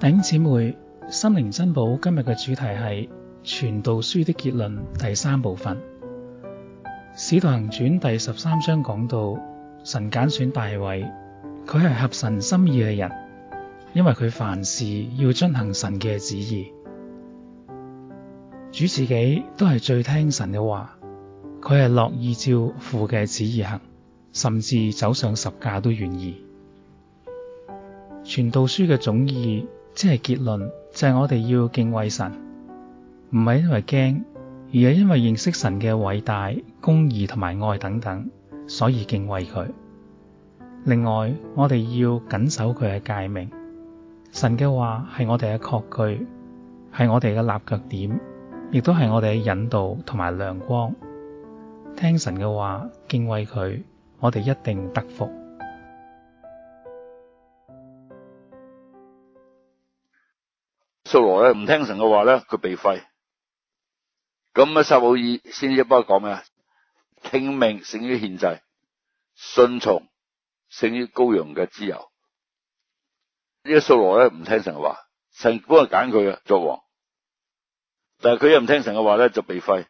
頂姐妹心靈珍寶今日嘅主題係傳道書的結論第三部分。使徒行傳第十三章講到神揀選大衛，佢係合神心意嘅人，因為佢凡事要遵行神嘅旨意，主自己都係最聽神嘅話，佢係樂意照父嘅旨意行，甚至走上十架都願意。傳道書嘅總意。即係結論，就係我哋要敬畏神，唔係因為驚，而係因為認識神嘅偉大、公義同埋愛等等，所以敬畏佢。另外，我哋要謹守佢嘅誡命，神嘅話係我哋嘅確據，係我哋嘅立腳點，亦都係我哋嘅引導同埋亮光。聽神嘅話，敬畏佢，我哋一定得福。掃羅咧唔聽神嘅話咧，佢被廢。咁啊，撒母耳先知幫佢講咩啊？聽命勝於獻祭，順從勝於羔羊嘅脂油。呢個掃羅咧唔聽神嘅話，神本係揀佢嘅作王，但係佢又唔聽神嘅話咧，就被廢。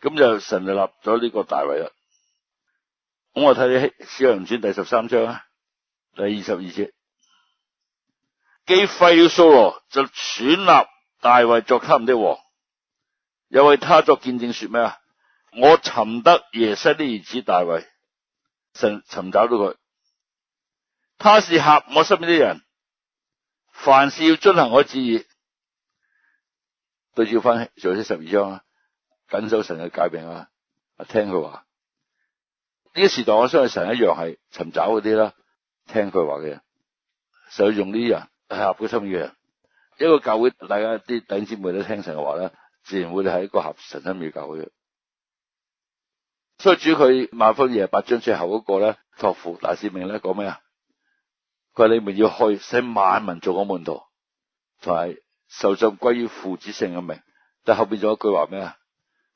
咁就神就立咗呢個大衛啦。咁我睇《使徒行傳》第十三章啊，第二十二節。既廢了掃羅，就選立大衛作他們的王。又為他作見證說咩啊？我尋得耶西的兒子大衛，尋尋找到佢。他是合我心意的人，凡事要遵行我旨意。對照翻舊約十二章啦，謹守神嘅誡命啊，聽佢話。呢個時代我相信神一樣係尋找嗰啲啦，聽佢話嘅人，就用呢啲人。是合嘅心意，一個教會大家啲弟兄姊妹都聽神嘅話咧，自然會係一個合神心意教會的。所以主佢馬太廿八章最後嗰個咧，托付大使命咧，講咩啊？佢話你哋要去，使萬民作我門徒，同埋受浸歸於父子聖嘅名。但後邊仲有一句話咩啊？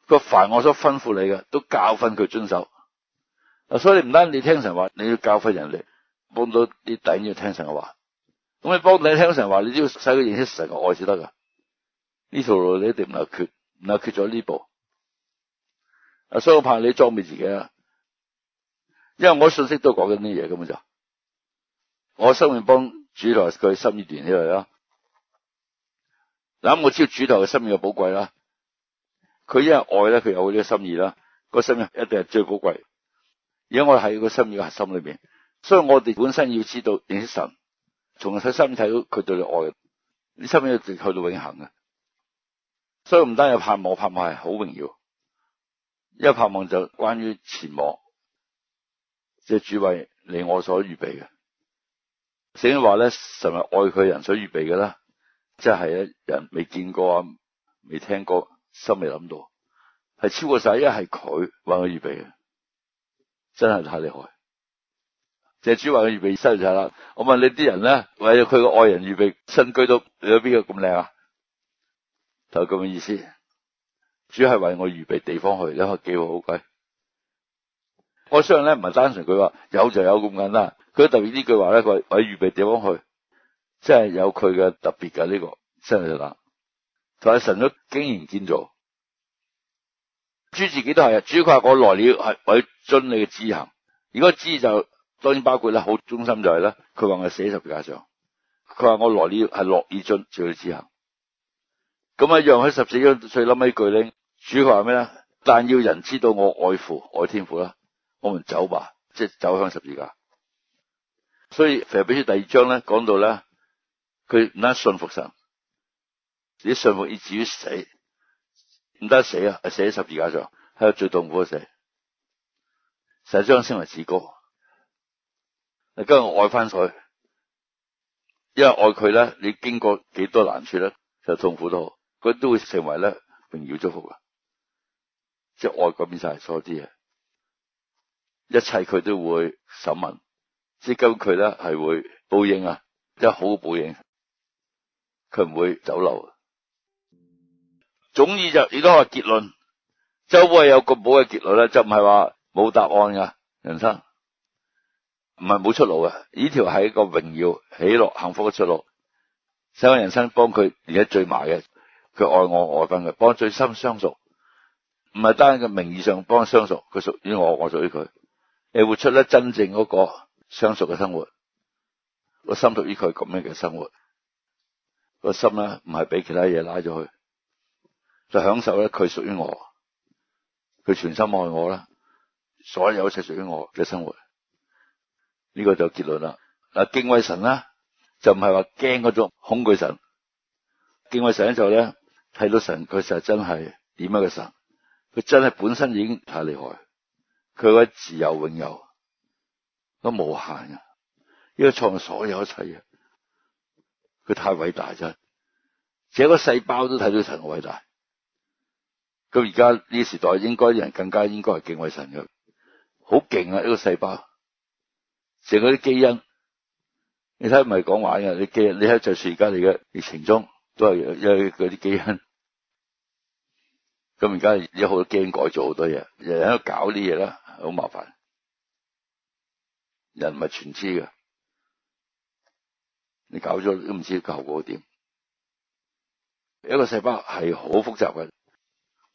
佢話凡我所吩咐你嘅，都教訓佢遵守。啊，所以唔單你聽神話，你要教訓人哋，幫到啲弟兄要聽神嘅話。咁你幫你聽神話，你只要使佢認識神嘅愛先得噶。呢條路你一定唔係缺，唔係缺咗呢步。所以我怕你裝備自己啦，因為我信息都講緊啲嘢根本就，我生命幫主來佢心意段起嚟啦。嗱，我知道主頭嘅心意嘅寶貴啦。佢因為愛咧，佢有呢個心意啦，個心意一定係最寶貴。而家我喺個心意嘅核心裏邊，所以我哋本身要知道認識神。從佢心面睇到佢對你愛，呢心面一直去到永恒嘅，所以唔單有盼望，盼望係好榮耀，因為盼望就關於前往，即係主為你我所預備嘅。聖經話咧，神為愛佢人所預備嘅啦，即係啊人未見過啊，未聽過，心未諗到，係超過晒，一係佢為我預備嘅，真係太厲害。係主話佢預備收就啦，我問你啲人咧，為咗佢個愛人預備新居都你有邊個咁靚啊？就咁嘅意思，主係為我預備地方去，呢個機會好貴。我相信咧唔係單純佢話有就有咁簡單，佢特別呢句話咧，佢為預備地方去，真係有佢嘅特別嘅呢個，真係就啦。就係神都經營建造。主自己都係，主佢話我來了係為遵你嘅旨行，如果旨就。當然包括啦，好中心就係咧，佢話我寫十字架上，佢話我來呢係樂意盡做要自行。咁啊讓喺十四章最諗起句咧，主佢話咩咧？但要人知道我愛父愛天父啦，我們走吧，即係走向十字架。所以腓立比書第二章咧，講到咧，佢唔得信服神，啲信服以至於死，唔得死啊，係寫十字架上喺度最痛苦死，一章升為至高。跟住愛翻佢，因為愛佢咧，你經過幾多難處咧，就痛苦都好，佢都會成為咧榮耀祝福啊！即係愛邊變晒，所啲嘢，一切佢都會審問，即係今佢咧係會報應啊，即係好報報應，佢唔會走漏。總而言之就亦都話結論，周圍有個冇嘅結論咧，就唔係話冇答案噶人生。唔係冇出路嘅，呢條係一個榮耀、喜樂、幸福嘅出路。細個人生幫佢而家最埋嘅，佢愛我，愛返佢，幫最深相屬。唔係單一個名義上幫相屬，佢屬於我，我屬於佢。你活出咧真正嗰個相屬嘅生活，個心屬於佢咁樣嘅生活，個心咧唔係俾其他嘢拉咗去，就享受咧佢屬於我，佢全心愛我啦，所有一切屬於我嘅生活。呢、這個就結論啦。嗱，敬畏神啦，就唔係話驚嗰種恐懼神。敬畏神咧就咧睇到神，佢實真係點一個神，佢真係本身已經太厲害。佢嗰啲自由、永有、都無限啊，呢、這、為、個、創咗所有一切嘢，佢太偉大咋。成一個細胞都睇到神嘅偉大。咁而家呢個時代，應該人更加應該係敬畏神嘅，好勁啊！呢、這個細胞。成個啲基因，你睇唔係講玩嘅，你基因你住而家你嘅疫情中，都係因為嗰啲基因。咁而家有好多基因改造好多嘢，日日喺度搞啲嘢啦，好麻煩。人唔係全知嘅，你搞咗都唔知個效果點。一個細胞係好複雜嘅，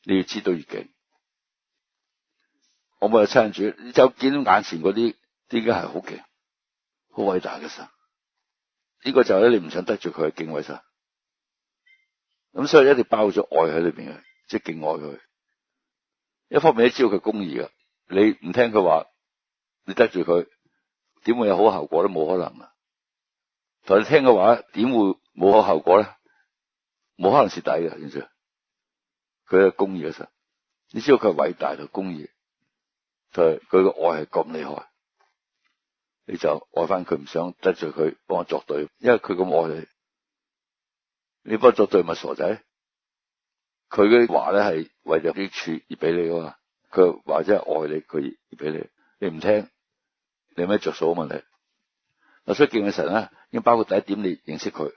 你要知道越勁。我冇有親你就見到眼前嗰啲。呢家係好勁，好偉大嘅神，呢個就係你唔想得罪佢嘅敬畏神，咁所以一定要包咗愛喺裏邊嘅，即係敬愛佢。一方面你知道佢公義嘅，你唔聽佢話，你得罪佢，點會有好效果，都冇可能啦。同你聽嘅話，點會冇好效果咧？冇可能蝕底嘅，記住，佢係公義嘅神，你知道佢係偉大同公義，同佢嘅愛係咁厲害。你就愛翻佢，唔想得罪佢，幫我作對，因為佢咁愛你，你幫我作對咪傻仔？佢嘅話咧係為咗益處而俾你噶嘛，佢話者係愛你，佢而俾你，你唔聽，你有咩着數啊？問題，嗱，所以敬畏神咧，已經包括第一點你、就是你，你認識佢，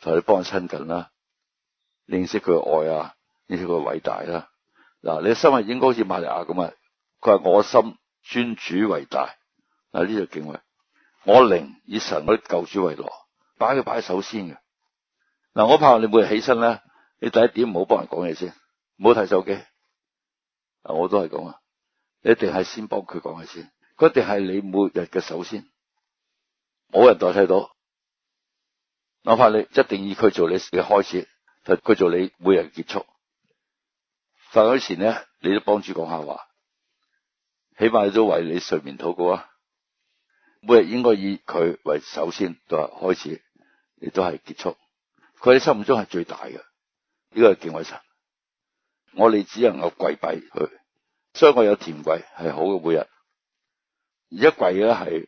同你幫佢親近啦，認識佢嘅愛啊，認識佢偉大啦。嗱，你嘅心係應該好似瑪利亞咁啊，佢係我心尊主為大。嗱，呢就敬畏我靈以神我的救主為樂，擺佢擺喺首先嘅。嗱，我怕你每日起身咧，你第一點唔好幫人講嘢先，唔好睇手機。啊，我都係講啊，你一定係先幫佢講嘢先，佢一定係你每日嘅首先，冇人代替到。我怕你一定以佢做你嘅開始，佢做你每日結束。瞓覺前咧，你都幫主講下話，起碼都為你睡眠禱告啊。每日應該以佢為首先，到開始亦都係結束。佢喺心目中係最大嘅，呢個係敬畏神。我哋只能夠跪拜佢，所以我有甜跪係好嘅。每日，而且跪咧係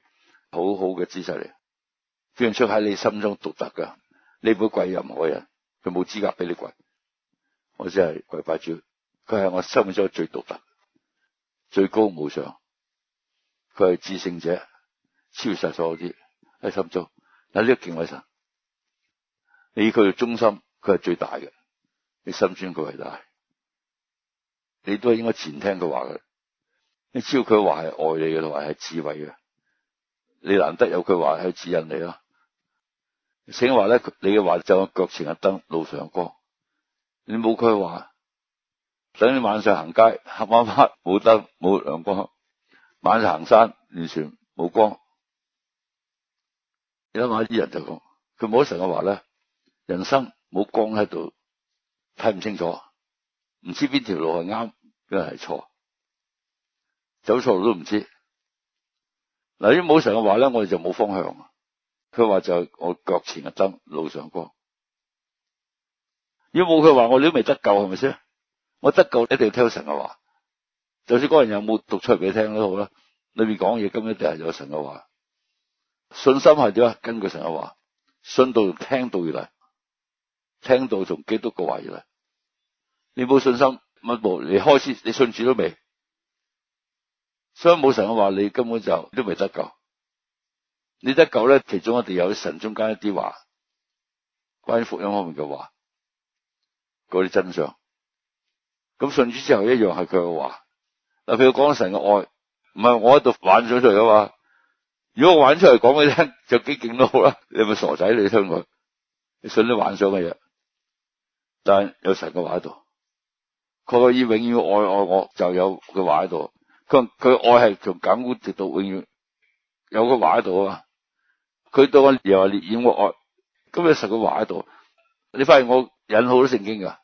好好嘅姿勢嚟，表現出喺你心中獨特嘅。你唔會跪任何人，佢冇資格俾你跪。我只係跪拜主，佢係我心目中最獨特、最高無上，佢係至聖者。超越曬所有啲喺心中。嗱，呢個敬畏神，你以佢嘅中心，佢係最大嘅。你心尊佢為大，你都應該前聽佢話嘅。你超只要佢話係愛你嘅，同埋係智慧嘅，你難得有佢話去指引你咯。請話咧，你嘅話就係腳前嘅燈，路上嘅光。你冇佢話，等你晚上行街黑黑黑，冇燈冇亮光；晚上行山完全冇光。你諗下啲人就講，佢冇神嘅話咧，人生冇光喺度，睇唔清楚，唔知邊條路係啱邊係錯，走錯路都唔知。嗱，如果冇神嘅話咧，我哋就冇方向。佢話就係我腳前嘅燈路上光，如果冇佢話，我哋都未得救，係咪先？我得救，你一定要聽神嘅話。就算嗰個人有冇讀出嚟俾你聽都好啦，裏面講嘢根本一定係有神嘅話。信心係點啊？根據神嘅話，信道同聽到而嚟，聽到從基督嘅話而嚟。你冇信心，冇嚟開始，你信主都未，所以冇神嘅話，你根本就都未得救。你得救咧，其中一定有神中間一啲話，關於福音方面嘅話，嗰啲真相。咁信主之後一樣係佢嘅話，譬如講神嘅愛，唔係我喺度反咗出嚟噶嘛。如果我玩出嚟講俾你聽，就幾勁都好啦。你咪傻仔嚟？聽佢，信你幻想嘅嘢。但係有神嘅話喺度，佢可以永遠愛愛我，就有佢話喺度。佢佢愛係從今直到永遠，有佢話喺度啊。佢到個又話烈焰我愛，咁有神嘅話喺度。你發現我引好多聖經噶，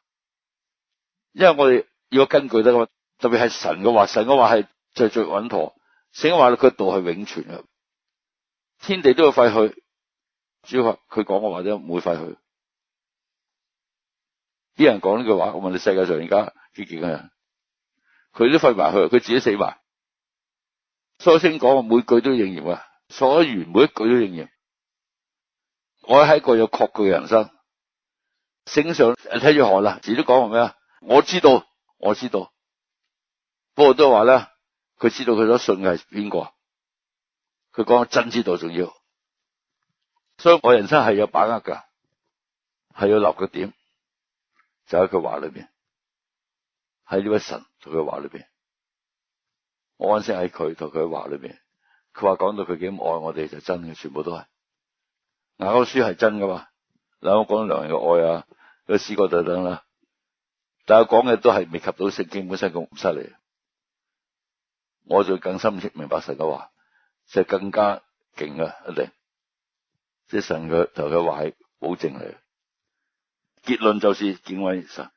因為我哋要根據得，特別係神嘅話，神嘅話係最最穩妥。聖經話佢道係永存的天地都要廢去，主要佢講嘅話都唔會廢去。啲人講呢句話，我問你世界上而家幾勁人？佢都廢埋去，佢自己死埋。蘇星講每句都應驗啊，所言每一句都應驗。我喺一個有確據嘅人生。聖上睇住我啦，自己都講過咩啊？我知道，我知道。不過都話咧，佢知道佢所信嘅係邊個？佢講真知道重要，所以我人生係有把握噶，係要立個點，就喺佢話裏邊，喺呢位神同佢話裏邊，我安心喺佢同佢話裏邊。佢話講到佢幾咁愛我哋就真嘅，全部都係，嗱，個書係真噶嘛？嗱，我講良人嘅愛啊，個視角等等啦，但係講嘅都係未及到聖經本身咁犀利，我就更深切明白神嘅話。就是、更加勁啊！一定，即、就是、神佢同佢話係保證嚟，結論就是敬畏神。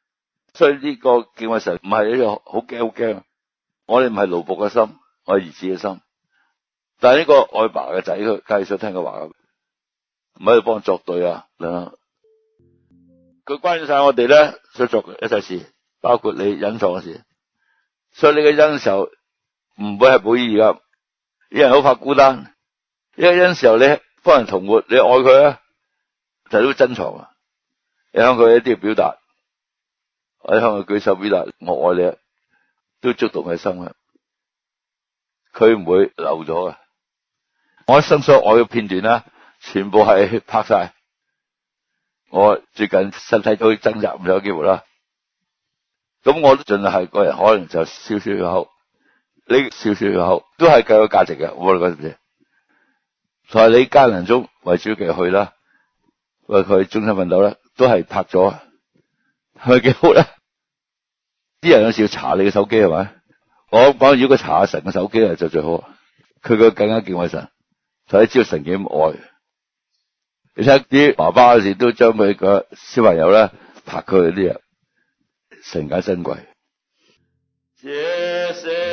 所以呢個敬畏神唔係一個好驚好驚。我哋唔係勞僕嘅心，我係兒子嘅心。但係呢個愛爸嘅仔，佢梗係想聽佢話，唔可以幫佢作對啊！佢關晒我哋咧，所作嘅一切事，包括你隱藏嘅事。所以你嘅恩受唔會係冇意義噶。一人好怕孤單，一因為有時候你幫人同活，你愛佢啊，就都珍藏啊。你向佢一啲表達，我向佢舉手表達，我愛你，都觸動佢心啊。佢唔會流咗啊！我一生所愛嘅片段啦，全部係拍晒。我最近身體都掙扎唔有機會啦，咁我都盡量係個人，可能就笑笑口。你少少又好，都係計個價值嘅，無論嗰陣時。同埋你家人中為主祁去啦，為佢終身奮鬥啦，都係拍咗，係咪幾好咧？啲人有時要查你嘅手機係咪？我講如果查神嘅手機啊，就最好。佢個更加敬畏神，所以你知道神幾咁愛。你睇啲爸爸有時候都將佢個小朋友咧拍佢啲嘢，成家珍貴。Yes,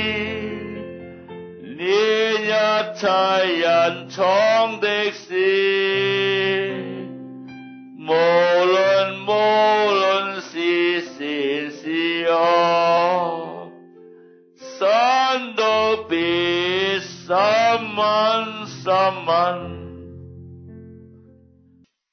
一切隱藏的事，無論無論是善是惡，神都、啊、必審問、審問。